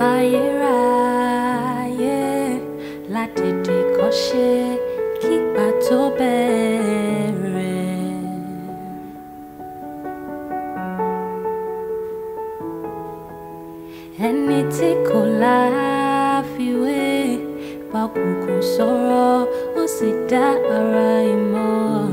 ayérayé ládìdì kan Keep my tó bẹ́ẹ̀. ẹni tí kò láfiwé pakùkù sọ̀rọ̀ ó sì dá ara ìmọ̀.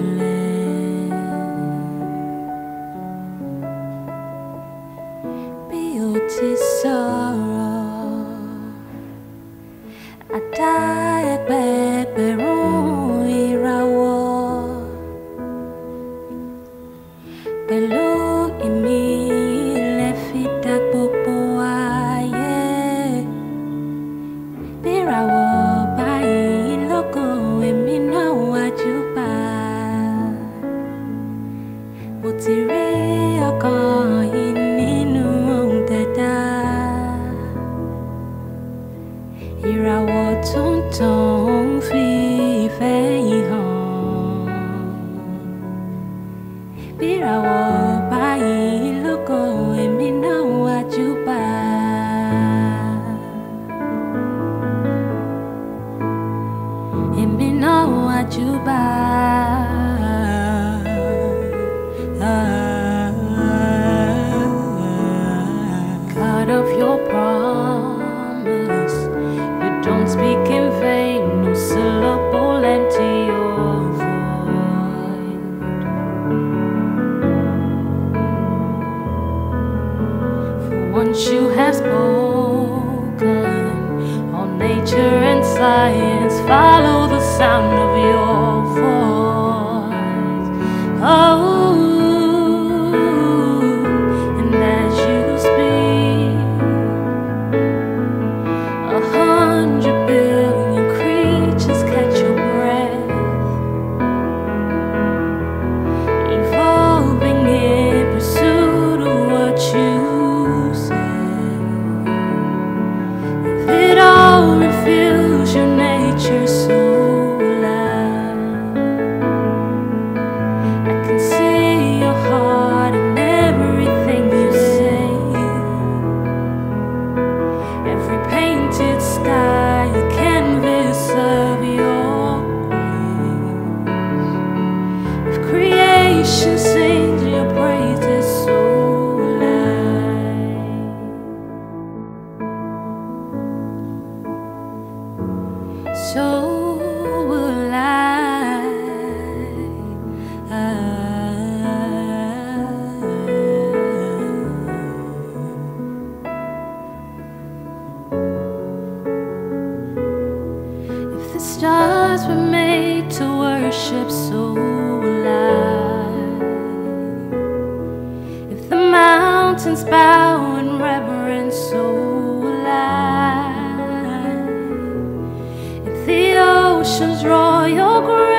oníràwọ̀ báyìí lóko èmi náà wájú bá mo ti rí ọkọ yìí nínú ohun dẹ̀dá ìràwọ̀ tó ń tàn ń fi. Once you have spoken, all nature and science follow the sound of presence bow in reverence so alive. If the oceans roar your grace.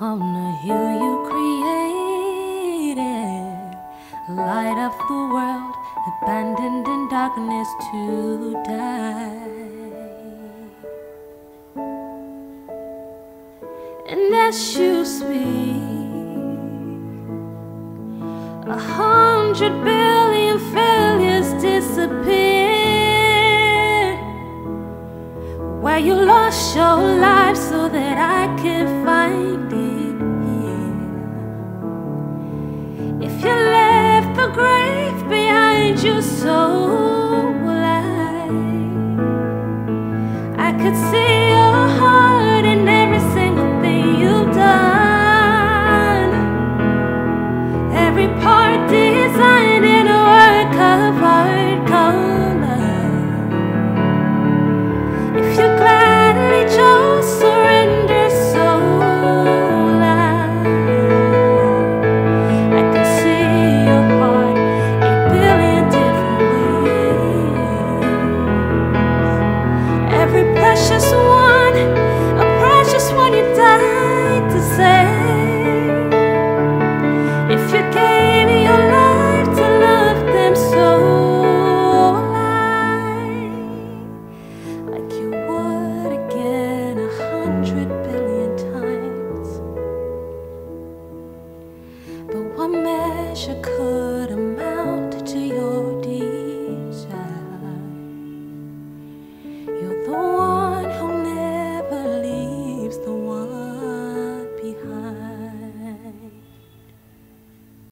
on the hill you created, light up the world, abandoned in darkness to die. And as you speak, a hundred billion failures disappear. Where you lost your life so that I can find it. If you left the grave behind you, soul, I. I could see.